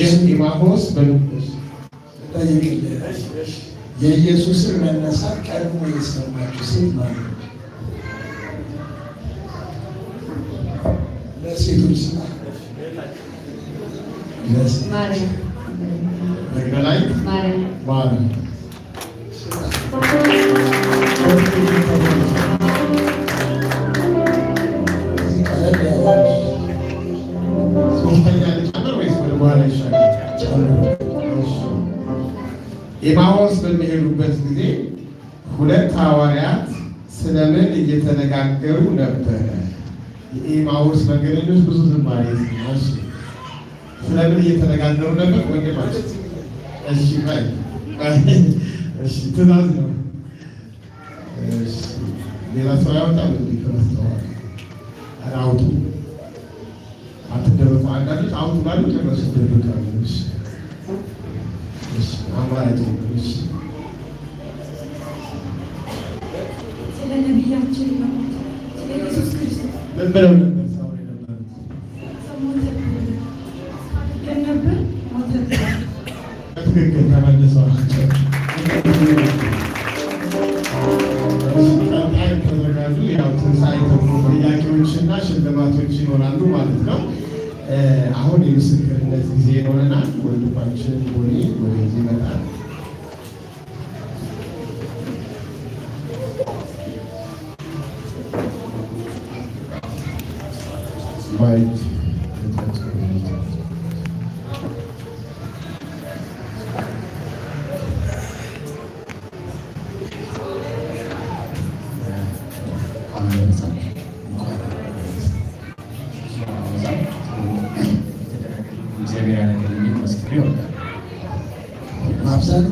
የኢማሆስ በልቆስ የኢየሱስን መነሳት ቀድሞ የሰማችው ሴት ማለት ለሴቶች ላይ ኤማሆስ በሚሄዱበት ጊዜ ሁለት ሐዋርያት ስለምን እየተነጋገሩ ነበረ? የኤማሆስ መንገደኞች ብዙ ዝማሬ ሲነሱ ስለምን እየተነጋገሩ ነበር? ወንድማቸው እሺ፣ እሺ፣ ትእዛዝ ነው። ሌላ ሰው ያወጣል እንዲፈረስተዋል አውጡ፣ አትደረቁ። አንዳንዶች አውጡ ባሉ ጨረሱ ደረቃሉ። አማራጭ ነገሮች ስለ ነቢያችን ስለ ኢየሱስ ክርስቶስ ምን ብለው ነበር? ተዘጋጁ። ያው ትንሣኤ ተብሎ ጥያቄዎችና ሽልማቶች ይኖራሉ ማለት ነው። አሁን የምስክርነት ጊዜ ይኖረናል። ወንድማችን ቦኔ ወደዚህ ይመጣል። እግዚአብሔር ያደረገልኝን መስክሬ እወዳለሁ። ማብዛት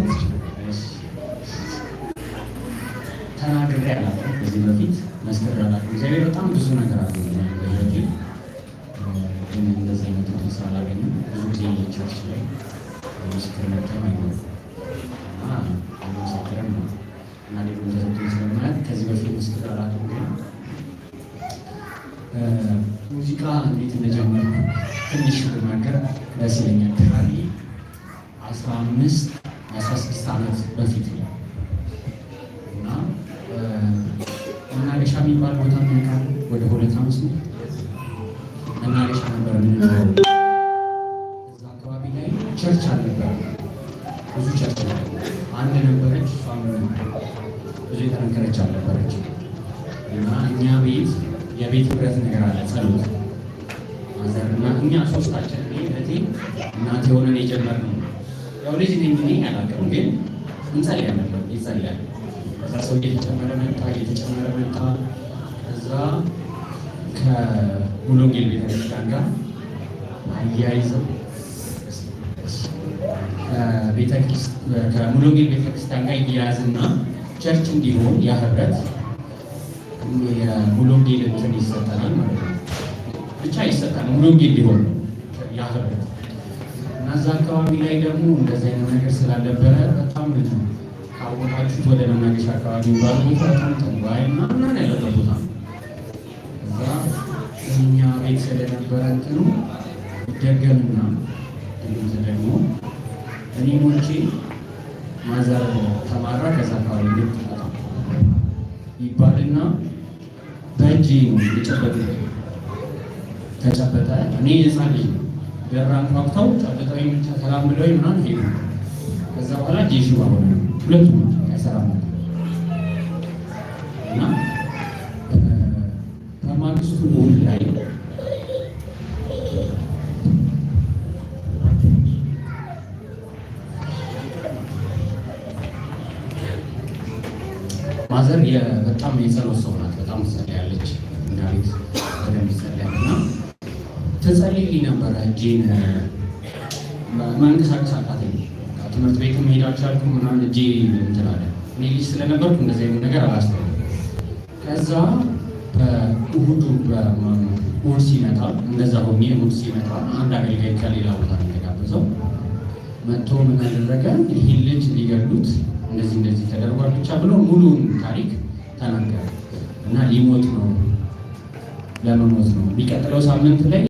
ተናግሬ አላውቅም። ከዚህ በፊት መስክሬ አላውቅም። እግዚአብሔር በጣም ብዙ ነገር አለ በህይወቴ ግን እንደዚህ አይነት ሰው አላገኝም። ብዙ ጊዜ ቸርች ላይ ምስክር መጥተው ትምህርት እንደጀመርኩ ትንሽ ብናገር ደስ ይለኛል። ከአቢ አስራ አምስት አስራ ስድስት ዓመት በፊት ነው እና መናገሻ የሚባል ቦታ ምንቃል ወደ ሁለት አምስት መናገሻ ነበር። እዛ አካባቢ ላይ ቸርች አልነበር፣ ብዙ ቸርች አንድ ነበረች። እሷም ብዙ የተነገረች አልነበረች እና እኛ ቤት የቤት ህብረት ነገር አለ ጸሎት ማዘር እና እኛ ሶስታችን እህቴ እናቴ የሆነን የጀመርነው ያው ልጅ ነኝ እኔ አላውቅም፣ ግን እንጸልያለን ይጸልያል። ከዛ ሰው እየተጨመረ መጣ እየተጨመረ መጣ። ከዛ ከሙሉ ወንጌል ቤተክርስቲያን ጋር አያይዘው ከሙሉ ወንጌል ቤተክርስቲያን ጋር እያያዝና ቸርች እንዲሆን ያ የሙሉ ወንጌል እንትን ይሰጠናል ማለት ነው ብቻ ይሰጣል። ሙሉ ወንጌል ቢሆን ያፈበት እና እዛ አካባቢ ላይ ደግሞ እንደዚህ አይነት ነገር ስላልነበረ በጣም ልጅ ካወቃችሁት ወደ መናገሻ አካባቢ ባሉ ቦታ በጣም ተንጓይ እና ምናን ያለበት ቦታ እዛ እኛ ቤት ስለነበረ እንትኑ ደገምና ድምፅ ደግሞ እኔ ሞቼ ማዘር ተማራ ከዛ አካባቢ ልቅ ይባልና በእጅ ነው የጨበጥ ተጨበጠ። እኔ የጻን ልጅ ነው በራን ፋክተው ጨብጠው ሰላም ብለው ምናምን ሄዱ። ከዛ በኋላ ጄሹ ባሆነ ሁለቱ አይሰራም እና ከማግስቱ ውል ላይ ማዘር በጣም የጸሎት ሰው ናት። በጣም ሰላ ያለች እንዳቤት በደንብ ይሰላል እና ተጸልይ ነበረ። እጄን ማንቀሳቀስ አቃተኝ። ትምህርት ቤት መሄድ አልቻልኩም ምናምን እጄ እንትን አለ። እኔ ልጅ ስለነበርኩ እንደዚህ አይነት ነገር አላስተውልም። ከዛ በእሁዱ እሁድ ሲመጣ እንደዛ ሆኜ እሁድ ሲመጣ አንድ አገልጋይ ከሌላ ቦታ ተጋበዘው መጥቶ ምን አደረገ፣ ይህን ልጅ ሊገሉት እንደዚህ እንደዚህ ተደርጓል ብቻ ብሎ ሙሉን ታሪክ ተናገረ እና ሊሞት ነው ለመሞት ነው የሚቀጥለው ሳምንት ላይ